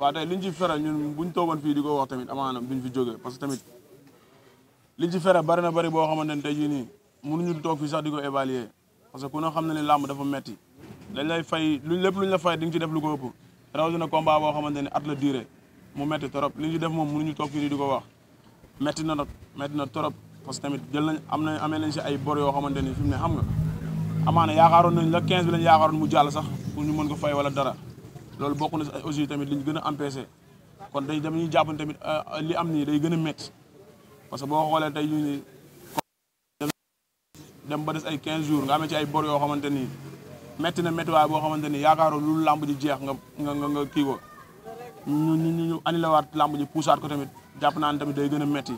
waaw tey liñ ci fere ñun buñ toogoon fii di ko wax tamit amaana duñ fi jógee parce que tamit liñ ci fere bari na bari boo xamante ne tey jii nii mënuñu toog fii sax di ko évaluer parce que ku ne xam na ne làmb dafa metti dañ lay fay luñ lépp luñ la fay di nga ci def lu ko ëpp rawatina combat boo xamante ne at la durée mu metti trop liñ ci def moom mënuñu toog fii di ko wax metti na nag metti na torop parce que tamit jël nañ am nañ amee nañ si ay bor yoo xamante ni fi mu ne xam nga amaana yaakaaroon nañ la 15 bi lañ yaakaaroon mu jàll sax pour ñu mën ko fay wala dara loolu bokk na aussi tamit li ñu gën a empêché kon dañ dem ñu jàpp tamit euh, euh, li am nii day gën a metti parce que boo xoolee tey ñu ni dem ba des ay 15 jours ci ay bor yoo xamante ni métti na métti waaye boo xamante ni yaakaaroo lu làmb ji jeex nga nga nga kii ko ñu ñu ñu annulé waat làmb ji puusaat ko tamit jàpp naa ne tamit day gën a métti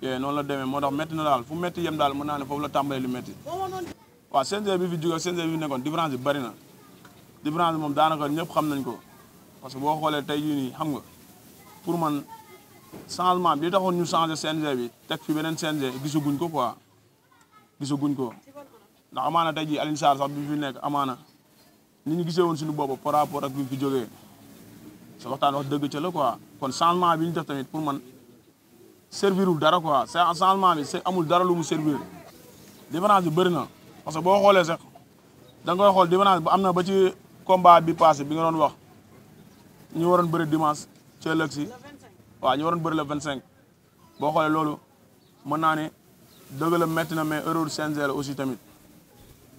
yee noonu la demee moo tax métti na daal fu métti yem daal mën naa ne foofu la tàmbalee lu métti waaw CNG bi fi jóge CNG bi fi nekkoon différence bi bari na différence bi moom daanaka ñëpp xam nañ ko parce que boo xoolee tey jii nii xam nga pour man changement bi taxoon ñu changé CNG bi teg fi beneen CNG gisaguñ ko quoi gisaguñ ko ndax amaana tey jii Alioune Sarr sax bi fi nekk amaana ni ñu gisee woon suñu bopp par rapport ak bi fi jógee sa waxtaan wax dëgg ca la quoi kon changement bi ñu def tamit pour man servirul dara quoi changement bi amul dara lu mu servir différence bi bëri na boo xoolee sax da nga combat bi passé bi nga doon wax ñu waroon bëri dimanche ci ëllëg si waaw ñu waroon bëri le vingt cinq boo xoolee loolu mën naa ne dëgg la métti na mais erreur CNG la aussi tamit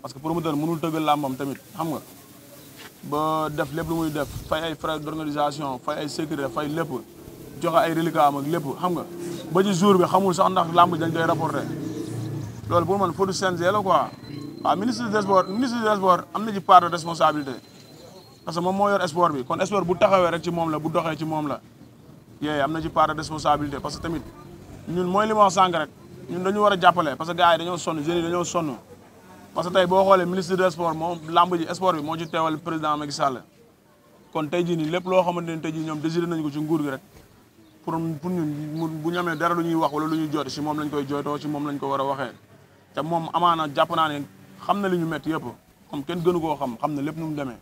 parce que promoteur mënul tëggal làmbam tamit xam nga ba def lépp lu muy def fay ay frais d'organisation fay ay sécurité fay lépp joxe ay reliquats am ak lépp xam nga ba ci jour bi xamul sax ndax làmb dañ koy rapporté loolu pour man faute CNG la quoi a ministre des sports am na ci part de responsabilité parce que moom moo yor sport bi kon sport bu taxawee rek ci moom la bu doxee ci moom la yee am na ci part de responsabilité parce que tamit ñun mooy li ma wax rek ñun dañu war a jàppale parce que gars yi dañoo sonn jeunes yi sonn parce que tey boo xoolee ministre de sport moom làmb ji sport bi moo ci teewal président Macky Sall kon tey jii nii lépp loo xamante ne tey jii ñoom désiré nañ ko ci nguur gi rek pour pour ñun bu ñu dara lu ñuy wax wala lu ñuy joote si moom lañ koy jooytoo si moom lañ ko war waxee te moom amaana jàpp naa ne xam na li ñu métti yëpp kenn gënu koo xam xam na lépp nu mu demee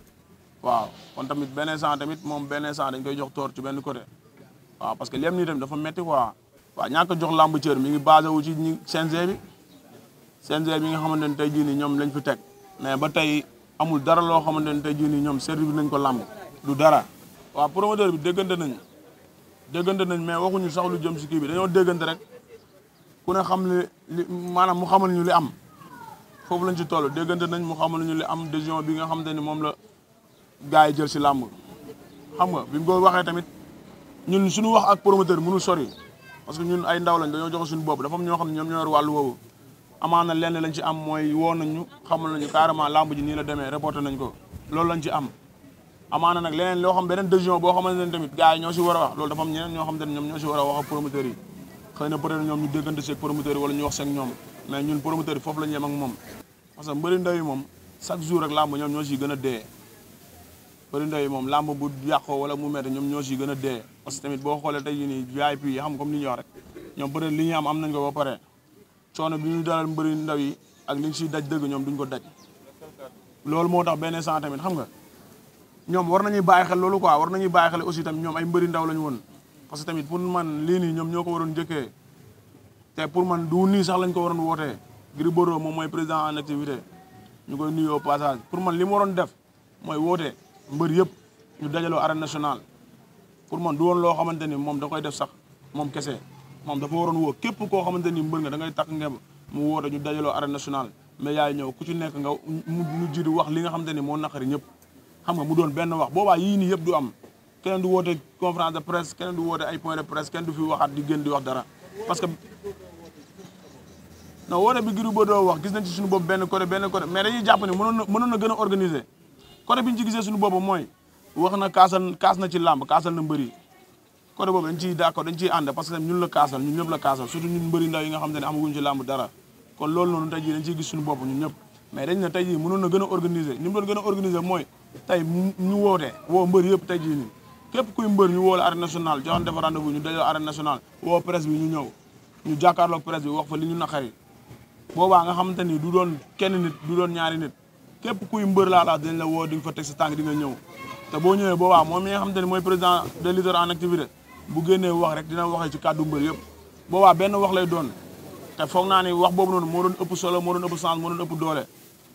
waaw kon tamit beneen sant tamit moom benn sant dañ koy jox toor ci benn côté waaw parce que lem nii tamit dafa métti quoi waaw ñàkk jox làmb cër mi ngi basé wu ci ñi CNG bi CNG bi nga xamante ne tey jii nii ñoom lañ fi teg mais ba tey amul dara loo xamante ne tey jii nii ñoom service nañ ko làmb du dara waaw promoteur bi déggante nañ déggante nañ mais waxuñu sax lu jëm si kii bi dañoo déggante rek ku ne xam li li maanaam mu xamal ñu li am foofu lañ ci toll déggante nañ mu xamal ñu li am décision bi nga xamante ni moom la gars yi jël si làmb xam nga bi mu ko waxee tamit ñun suñu wax ak promoteur mënul sori parce ñoo ñoom ñoo yor wàllu woowu amaana lenn lañ ñu xamal nañu carrément làmb ji nii yi ñoo si war a wax loolu dafa am ñeneen ñoo xam ne ñoom ñoo si war a wax ak promoteurs yi xëy na peut être ñoom ñu déggante seeg promoteurs yi wala ñu wax seeg ñoom mais ñun promoteurs yi foofu la ñu moom ñoom ñoo siy gën a dee bëri ndoy moom làmb bu yàqoo wala mu métti ñoom ñoo si gën dee parce que tamit boo xoolee tey jii nii VIP yi xam comme ni ñu wax rek ñoom peut-être li ñu am am nañ ko ba pare coono bi ñu dalal mbëri ndaw yi ak li ñu siy daj dëgg ñoom duñ ko daj loolu moo tax benn sant tamit xam nga ñoom war nañuy bàyyi xel loolu ko war nañuy bàyyi xel aussi tamit ñoom ay mbëri ndaw lañu woon parce que tamit pour man lii nii ñoom ñoo ko waroon njëkkee te pour man du nii sax lañ ko waroon wootee Gris Bordeaux moom mooy président en ñu koy nuyu au pour man li mu waroon def mooy wootee mbër yëpp ñu dajaloo arène nationale pour man du woon loo xamante ni moom da koy def sax moom kese moom dafa waroon woo képp koo xamante ni mbër nga da ngay takk nga mu woote ñu dajaloo arène nationale mais yaay ñëw ku ci nekk nga mu ji di wax li nga xamante ni moo naqari ñëpp xam nga mu doon benn wax boobaa yii nii yëpp du am keneen du woote conférence de presse keneen du woote ay point de presse keneen du fi waxaat di gën di wax dara parce que non woote bi Gris Bordeaux wax jàpp ni mënoon na mënoon gën a côté bi ñu ci gisee suñu boobu mooy wax na kaasal kaas na ci làmb kaasal na mbëri côté boobu dañ ciy d'accord dañ ciy ànd parce que ñun la kaasal ñun ñëpp la kaasal surtout ñun mbëri ndaw yi nga xam ne amaguñ ci làmb dara kon loolu noonu tey jii dañ ciy gis suñu bopp ñun ñëpp mais dañ ne tey jii mënoon na gën a organiser ni mu doon gën a organiser mooy tey ñu woote woo mbër yëpp tey jii nii képp kuy mbër ñu woo la arène nationale joxoon dafa rendez-vous ñu dajoo arène nationale woo presse bi ñu ñëw ñu jàkkaarloog presse bi wax fa li ñu naqari boobaa nga xamante ni du doon kenn nit du doon ñaari nit képp kuy mbër laa la dañ la woo di nga fa teg sa tànk di nga ñëw te boo ñëwee boobaa moom mi nga te ne mooy président des lutteurs en activité bu génnee wax rek dina waxee ci kàddu mbër yëpp boobaa benn wax lay doon te foog naa ni wax boobu noonu moo doon ëpp solo moo doon ëpp sens moo doon ëpp doole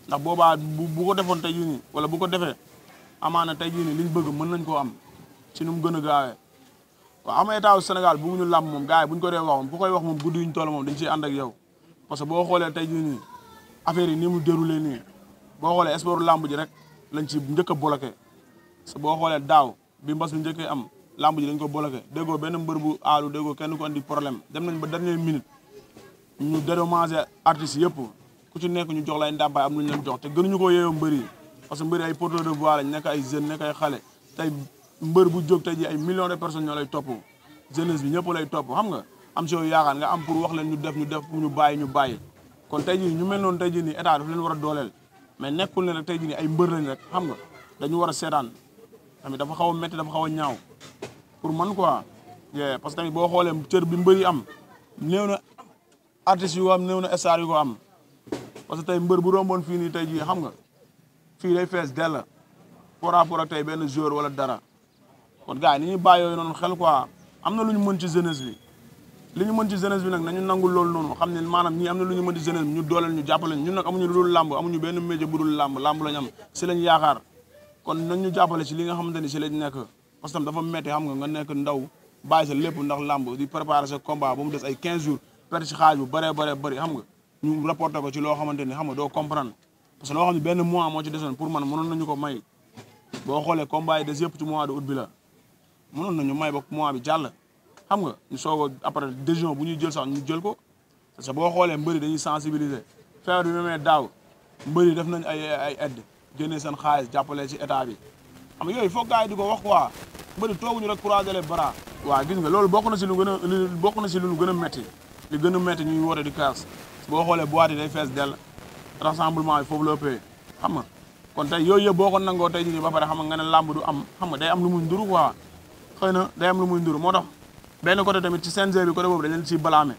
ndax boobaa bu ko defoon tey jii wala bu ko defee amaana tey jii nii liñ bëgg mën nañ koo am ci nu mu gën a gaawee waaw am état wu Sénégal bu mu ñu làmb moom gars yi bu ko dee wax moom bu koy wax moom guddi yuñ toll moom dañ ciy ànd ak yow parce que boo xoolee tey jii nii affaire yi ni mu déroulé nii boo xoolee sport làmb ji rek lañ ci njëkk a bloqué boo xoolee daaw bi mbas mi njëkkee am làmb ji dañ ko bloqué déggoo benn mbër bu aalu déggoo kenn ko andi problème dem nañ ba dernière minute ñu dédommagé artistes yëpp ku ci nekk ñu jox lay ndàmpaay am lu ñu jox te gënuñu ko yeeyoo mbër yi parce que mbër yi ay porteur de voix lañ nekk ay jeunes nekk ay xale tey mbër bu jóg tey ji ay millions de personnes ñoo lay topp jeunesse bi ñëpp lay topp xam nga am si yow yaakaar am pour wax leen ñu def ñu def ñu bàyyi ñu bàyyi kon tey ji ñu mel noonu tey ji ni état war a dooleel mais nekkul ne rek tey jii ay mbër lañ rek xam nga dañu war a seetaan tamit dafa xaw a métti dafa xaw a ñaaw pour man quoi parce que tamit boo xoolee cër bi mbër yi am néew na artistes yu am new na star yu ko am parce que tey mbër bu romboon fii nii tey jii xam nga fii day fees dell par rapport a tey benn joueur wala dara kon gars yi ni ñuy bàyyi yooyu noonu xel quoi am na lu ñu mën ci jeunesse bi li ñu mën ci jeunesse bi nag nañu nangul lool noonu xam ne maanaam ñii am na lu ñu mën ci jeunesse bi ñu dooleel ñu jàppale ñun nag amuñu lu dul làmb amuñu benn métier bu dul làmb làmb si lañ yaakaar kon nañ ñu jàppale si li nga xamante ni si lañ nekk parce que dafa métti xam nga nekk ndaw bàyyi sa lépp ndax làmb di préparer sa combat ba mu des ay 15 jours perte si xaaj bu bëree bëree bëri xam nga ñu rapporté ko ci loo xamante ni xam nga doo comprendre parce que loo xam moo ci desoon pour man mënoon nañu ko may boo xoolee combat yi yëpp ci mois de août bi la mënoon nañu may ba mois bi jàll xam nga ñu soog a après décision bu ñuy jël sax ñu jël ko parce que boo xoolee mbëri dañuy sensibiliser feebar bi même daaw mbëri def nañ ay ay aide génne seen xaalis jàppale ci état bi xam nga yooyu foog gars yi di wax quoi mbëri tooguñu rek croiser les bras waa gis nga loolu bokk na si lu gën bokk na si lu gën a métti li gën a métti ñuy woote di kaas boo xoolee boîte yi day fees dell rassemblement yi foofu la ëppee xam nga kon tey yooyu yëpp boo ko nangoo tey jii ba pare xam nga ne làmb du am xam nga day am lu muy nduru quoi xëy na day am lu muy nduru moo tax benn côté tamit ci CNG bi côté boobu dañ leen balaame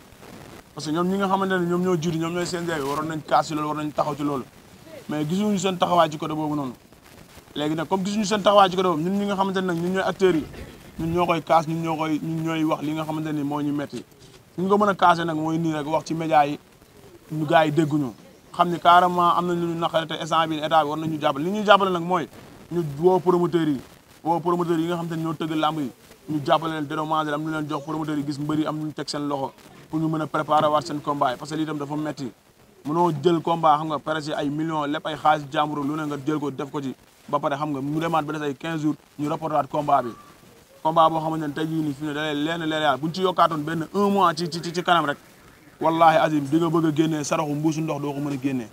parce que ñoom ñi nga xamante ne ñoom ñoo jiitu ñoom ñooy CNG bi waroon nañ kaas ci loolu war nañ taxaw ci loolu mais gisuñu seen taxawaay ci côté boobu noonu léegi nag comme gisuñu seen taxawaay ci côté boobu ñun ñi ne nag ñun ñooy acteurs yi ñoo ñoo koy ñun ñooy wax li nga xamante ni moo ñu metti ñu ko mën a kaase nag mooy nii rek wax ci média yi ñu gars yi dégguñu xam ni carrément am nañ lu ñu naqare te instant bi war nañu jàppale li ñuy jàppale nag mooy ñu woo promoteurs yi woo yi nga xamante ne ñoo tëgg làmb yi ñu jàppale leen dédommagé am lu leen jox am a préparer waat xam nga presque ay millions lépp ay xaalis jàmbur lu ne nga jël ko def ko ci ba pare xam nga mu demaat ba des ay 15 jours ñu reporté waat combat bi combat tey jii nii leen leer yàlla buñ ci yokkaatoon benn un mois ci ci ci kanam nga bëgg a génnee saraxu mbuusu ndox doo ko mën a génnee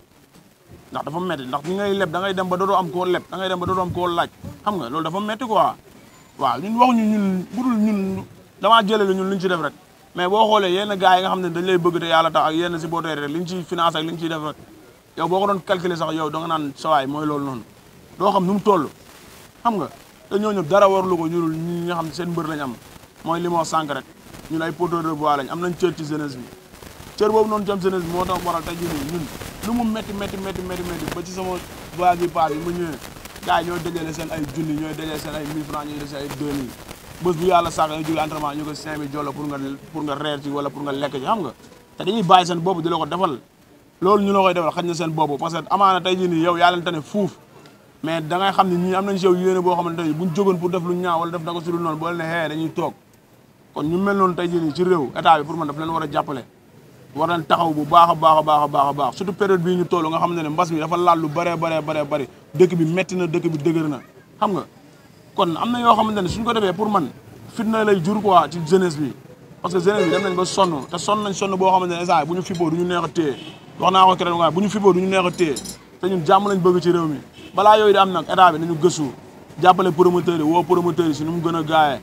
ndax dafa metti ndax ñi ngay leb da ngay dem ba doodoo am koo leb da ngay dem ba doodoo am koo laaj xam nga loolu dafa metti quoi waaw ñun waxuñu ñun budul ñun damaa jëlee la ñun li ñu ci def rek mais boo xoolee yenn gars yi nga xam ne dañ lay bëgg te yàlla tax ak yenn supporter rek li ñu ciy finance ak li ñu ciy def rek yow boo ko doon calculer sax yow da nga naan sawaay mooy loolu noonu doo xam nu mu toll xam nga te ñooñu dara warlu ko ñurul ñi nga xam seen mbër lañ am mooy li moo sànq rek ñun ay porteur de voix am nañ cër ci jeunesse bi cër boobu noonu jëm jeunesse bi moo tax waral tey jii nii ñun lu mu métti métti métti métti métti ba ci sama voix bi paas gars yi ñooy dajale seen ay junni ñooy dajale seen ay 1000 francs ñooy dajale seen ay 2000 bés bu yàlla sax dañuy jóge entraînement ñu ko 5000 jolo pour nga reer ci wala pour nga lekk ci xam nga te dañuy bàyyi seen bopp parce que amaana tey jii nii yow yaa tane fuuf mais da ngay xam ne ñii am nañ si yow yéene boo xamante ne buñ jógoon pour def lu ñaaw wala def na ko lu noonu boo leen ne xee dañuy toog kon ñu mel noonu tey jii ci réew état bi pour man daf war nañ taxaw bu baax a baax a baax a baax a baax surtout période bii ñu toll nga xam ne ne mbas mi dafa laal lu bëree baree baree bëri dëkk bi metti na bi dëgër na xam nga kon am na yoo xamante ne suñ ko defee pour man fit fitna la jur quoi ci jeunesse bi parce que jeunesse bi dem nañ ba sonn te sonn nañ sonn boo xamante ne saa bu ñu fippoo du ñu neex a téye wax naa ko keneen waaye bu ñu fippoo du ñu neex a téye te ñun jàmm lañ bëgg ci réew mi balaa yooyu di am na état bi nañu gëstu jàppale promoteurs yi woo promoteurs yi si nu mu gën a gaayee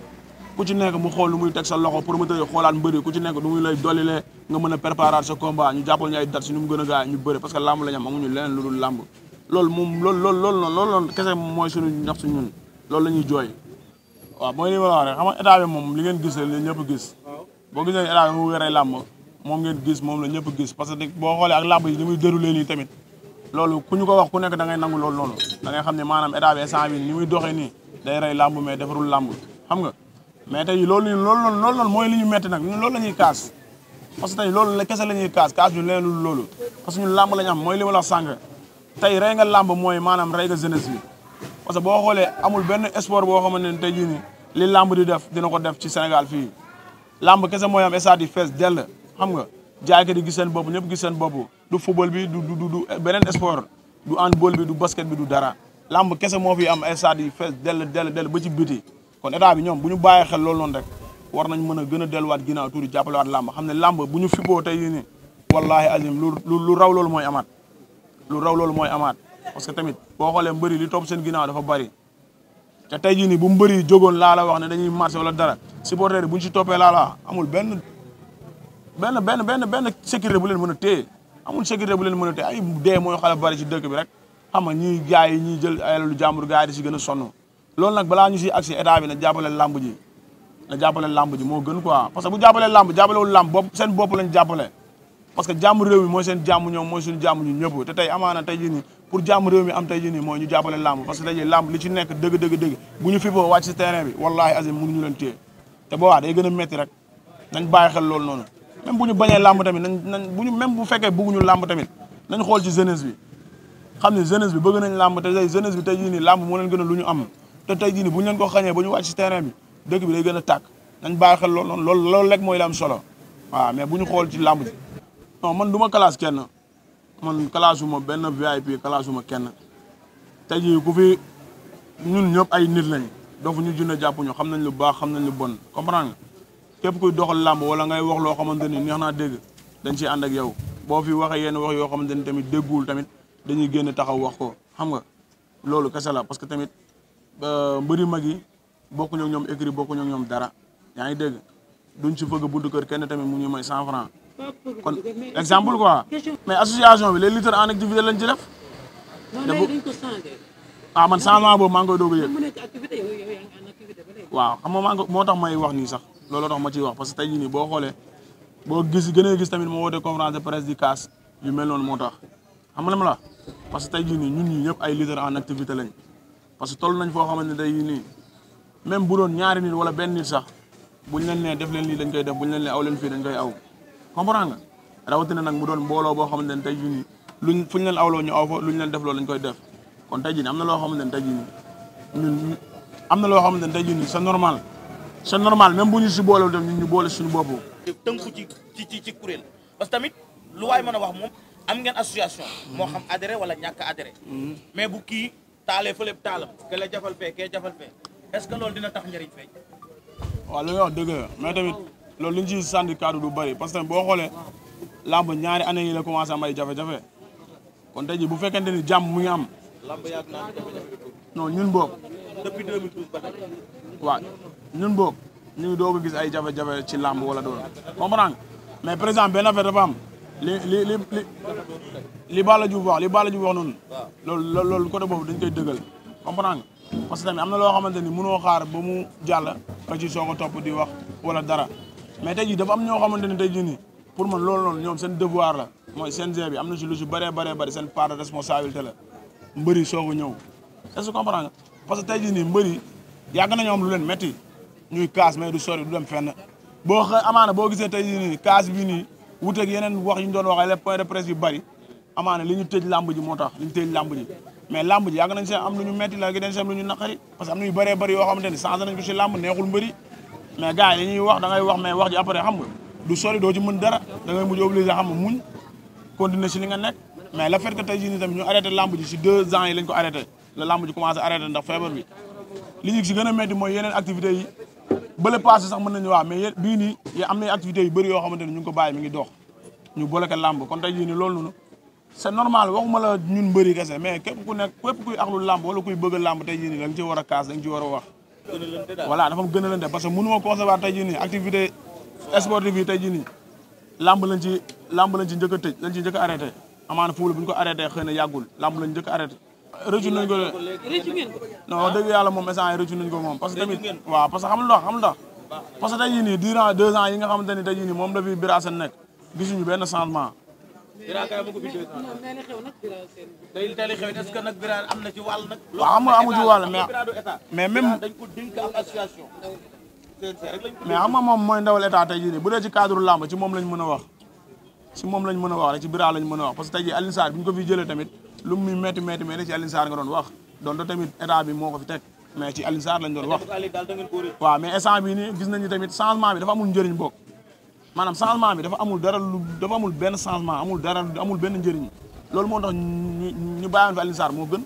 ku ci nekk mu xool lu muy teg sa loxo promoteur yi xoolaat mbëri ku ci nekk nu muy lay dolilee nga mën a préparer sa combat ñu jàppal ñu ay date si nu mu gën ñu bëri parce que làmb la ñu amuñu leneen lu dul làmb loolu moom loolu loolu loolu noonu loolu noonu kese mooy suñu ndax su ñun loolu la ñuy jooy waaw mooy li ma wax rek xam moom li ngeen gis la ñëpp gis boo gisee état bi mu weree làmb moom ngeen gis moom la ñëpp gis parce que boo xoolee ak làmb yi ni muy déroulé nii tamit loolu ku ñu ko wax ku xam ne maanaam état bi instant bi ni muy doxee nii day rey làmb mais tey loolu ñu loolu noonu loolu noonu mooy li ñu metti nag ñun loolu la ñuy kaas parce que tey loolu la kese la ñuy kaas kaas ñu leen loolu parce que ñun làmb la ñu am mooy li ma la sànq tey rey nga làmb mooy maanaam rey nga jeunesse bi parce que boo xoolee amul benn sport boo xamante ne tey jii nii li làmb di def dina ko def ci Sénégal fii làmb kese mooy am stade yi fees dell xam nga jaay ka di gis seen bopp ñëpp gis seen bopp du football bi du du du beneen sport du handball bi du basket bi du dara làmb kese moo fi am stade yi fees dell dell dell ba ci biti kon état bi ñoom bu ñu bàyyi xel loolu noonu rek war nañ mën a gën a delluwaat ginnaaw tuuti jàppalewaat làmb xam ne làmb bu ñu fippoo tey nii wallaahi azim lu lu raw loolu mooy amaat lu raw loolu mooy amaat parce que tamit boo xoolee bëri li topp seen ginnaaw dafa bari te tey jii nii bu mbëri yi jogoon laala wax ne dañuy marché wala dara si boo yi bu ñu si toppee laala amul benn benn benn benn benn sécurité bu leen mën a téye amul sécurité bu leen mën a téye ay dee mooy xale bari ci dëkk bi rek xam nga ñiy yi ñiy jël alalu jàmbur gars yi si gën a sonn loolu na balaa ñu si agsi état bi na jàppale làmb ji moo gën quoi parce que bu jàppalee làmb jàppalewul làmb bopp seen bopp lañ jàppale parce que jàmm réew mi mooy seen jàmm ñoom mooy suñu jàmm ñu ñëpp te tey amaana tey jii nii pour jàmm réew mi am tey jii nii mooy ñu jàppale làmb parce tey jii làmb li ci nekk dëgg dëgg bu ñu fipoo wàcc si terrain bi wallahi azim mënuñu leen téye te boobaa day gën a métti rek nañ bàyyi xel loolu noonu même bu ñu bañee làmb tamit nañ nañ bu ñu même bu fekkee bëgguñu làmb tamit nañ xool ci jeunesse bi xam ne jeunesse nañ làmb te tey jeunesse bi moo leen gën a lu ñu am te tey jii nii bu ñu leen ko xañee bu ñu wàcc si terrain bi dëkk bi day gën a tàkk nañ bàyyi xel lool loolu loolu mooy la am solo waaw mais bu ñu xool ci làmb ji man du ma classe kenn man classe ma benn VIP classe ma kenn tey jii ku fi ñun ñëpp ay nit lañ dofu ñu junne jàpp ñu xam nañ lu baax xam nañ lu bon comprendre nga képp kuy làmb wala ngay wax loo xamante ni neex naa dégg dañ ciy ànd ak yow boo fi waxee yenn wax yoo xamante ni tamit déggul tamit dañuy génn taxaw wax ko xam nga loolu kese la parce que tamit Euh, mbër yu mag yi bokkuñu ak ñoom écrit bokkuñu ak ñoom dara yaa ngi dégg duñ si fëgg buntu kër kenn tamit mu ñuy may cent franc kon exemple quoi mais association bi les lutteurs en activité lañ ci def. ah man changement boobu maa ngi koy doog a yëg waaw xam nga moo tax may wax nii sax looloo tax ma ciy wax parce que tey boo xoolee boo gis gën a gis tamit moo woote conférence de presse di kaas yu mel noonu moo tax xam nga la parce que tey jii nii ñun ñii ñëpp ay lutteurs en activité lañ. parce que toll nañ foo xamante ne day nii même bu doon ñaari nit wala benn nit sax buñ leen nee def leen lii dañ koy def buñ leen nee aw leen fii dañ aw comprendre nga rawatina nag mu doon mbooloo boo xamante ne tey jii nii luñ fuñ leen awloo ñu aw fa luñ leen def loolu lañ koy def kon tey jii am na loo xamante ne tey jii nii am na loo xamante ne tey jii nii c'est normal c'est normal même bu ñu si boolewul def ñun ñu boole suñu bopp. tënku ci ci ci ci kuréel parce que tamit lu waay mën a wax moom am ngeen association. moo xam adhéré wala ñàkk adhéré. Mm. mais bu taalee fële taalam ke la jafal fee kee jafal fee est-ce que loolu dina tax njëriñ feeñ. waa li nga wax dëgg la mais tamit loolu lu ñu ciy sànni kaddu du bëri parce que boo xoolee làmb ñaari année yi la commencé am jafe-jafe kon tey jii bu fekente ni jàmm mu ngi am. làmb yàgg naa am jafe-jafe. non ñun boobu. depuis 2012 ba tey. ñun boobu ñu doo doog ay jafe-jafe ci làmb wala doon comprendre mais par exemple benn affaire am. li li li li li Balla Diouf wax li Balla Diouf wax noonu. loolu loolu loolu côté boobu dañ koy dëggal comprendre nga parce que tamit am na loo xamante ni mënoo xaar ba mu jàll nga ci soog topp di wax wala dara mais tey jii dafa am ñoo xamante ni tey jii nii pour ma loolu lool ñoom seen devoir la mooy CNG bi am na si lu si bëree bëree bëri seen part de responsabilité la mbëri soog a ñëw est-ce que comprendre nga parce que tey jii nii mbëri yàgg nañoo am lu leen métti ñuy kaas mais du sori du dem fenn boo xa amaana boo gisee tey jii nii kaas bi nii. wuteeg yeneen wax yu ñu doon waxee les points de presse bari amaana li tëj làmb ji moo tax li ñu tëj làmb ji mais làmb ji yàgg nañ seen am lu ñu metti la gi dañ seen lu am yi wax da ngay wax mais wax ji après xam nga du sori doo mais le tey jii ñu arrêté làmb ji si deux ans yi lañ ko arrêté la làmb ji commencé arrêté ndax feebar bi li ñu si gën a métti mooy yeneen activités yi bële passé sax mën nañu waa mais bii nii am na activités yu bëri yoo xamante ne ñu ngi ko bàyyi mi ngi dox ñu bloqué làmb kon tey jii nii loolu noonu c'est normal waxuma ñun mbëri kese mais képp ku nekk képp kuy axlu làmb wala kuy bëgg a làmb tey jii nii da nga ci war a kaas da nga war a wax voilà dafa gën a parce que mënu ma conserver tey jii nii activité sportive yi tey jii nii làmb lañ ci làmb lañ ci njëkk a tëj lañ ci njëkk a arrêté amaana fuul bu ñu ko arrêté xëy na yàggul làmb lañ rëccu nañ ko de. rëccu ngeen ko. non yàlla moom instant yi rëccu nañ ko moom parce que tamit waaw parce que xam nga xam nga parce que tey jii nii durant deux ans yi moom la fi benn changement. Bira Kaay ma ko a xew am na ci wàll nag. waaw am nga amu mais mais dañ ko dénk am association. mais xam nga moom mooy ndawal état tey jii nii bu dee ci cadre làmb ci moom lañ mën a a a ko fi jëlee tamit lu mu métti métti métti ci Alioune Sarr nga doon wax donte tamit état bi moo ko fi teg mais ci Alioune Sarr lañ doon wax waaw mais instant bi nii gis nañu tamit changement bi dafa amul njëriñ boog maanaam changement bi dafa amul dara lu dafa benn changement amul dara amul benn njëriñ loolu moo tax ñu ñu bàyyoon fi Alioune Sarr moo gën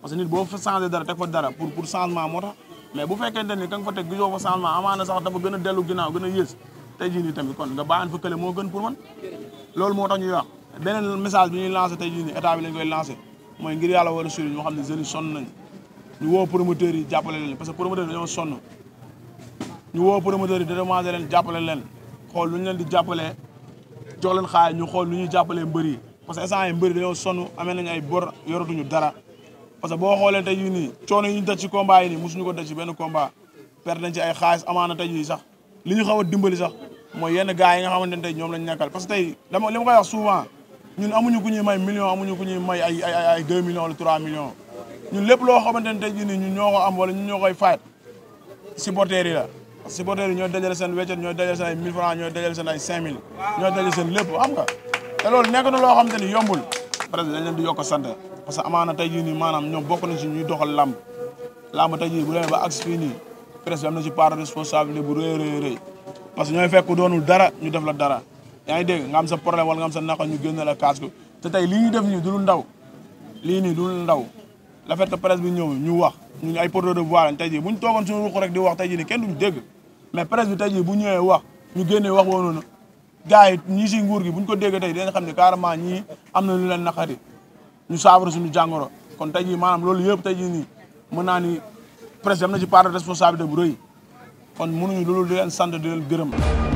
parce que nit boo fa changé dara teg fa dara pour pour changement moo tax mais bu fekkente ni ka nga fa teg gisoo fa changement amaana sax dafa gën a dellu ginnaaw gën a yées tey kon nga bàyyoon moo gën pour man moo tax ñuy wax beneen message bi ñuy lancé tey jii nii état bi lañ koy lancé mooy ngir yàlla war a sori ñoo xam ne jeunes yi nañ ñu woo promoteurs yi jàppale leen parce que promoteurs yi dañoo leen xool lu ñu leen di jàppalee jox leen xaalis ñu xool lu ñuy jàppalee mbër yi parce que instant yi mbër yi dañoo sonn amee nañ ay bor yoratuñu dara parce que boo xoolee tey jii nii coono yi ñu daj ci combat yi nii mosuñu ko daj ci benn combat per nañ ci ay xaalis amaana tey jii sax li ñu xaw a dimbali sax mooy yenn gars yi nga xamante ne tey ñoom lañ nekkal parce que tey li ma koy wax souvent ñun amuñu ku ñu may million amuñu ku ñuy may ay ay ay deux wala trois millions ñun lépp loo xamante ne tey jii nii ñun ñoo ko am wala ñoo koy faat supporters yi la supporters yi ñooy dajale seen weccet ñooy dajale seen ay 1000 francs ñooy dajale seen ay 5000 ñooy dajale seen lépp xam nga te loolu nekk na loo xamante ni yombul président dañ di yokk sant parce que amaana tey jii nii maanaam ñoom bokk nañ si ñuy doxal làmb làmb tey jii bu demee ba agsi fii nii presse bi am na si part de responsabilité bu rëy rëy parce que ñooy fekk doonul dara ñu def la dara yaa ngi nga am sa problème wala nga am sa naqa ñu génne la casque te tey lii def nii du lu ndaw lii nii du lu ndaw la fait que presse bi ñëw ñu wax ñu ay porteurs de voix lañ jii bu ñu toogoon suñu ruq rek di wax tey jii nii kenn duñu dégg mais presse bi tey jii bu ñëwee wax ñu génnee wax woon na gars yi ñii si nguur gi bu ñu ko déggee tey dinañ xam ne carrément ñii am na lu leen naqari ñu saafara suñu jàngoro kon tey jii maanaam loolu yëpp tey jii nii mën naa ni presse am na ci part de responsabilité bu rëy kon mënuñu loolu di leen sant di leen gërëm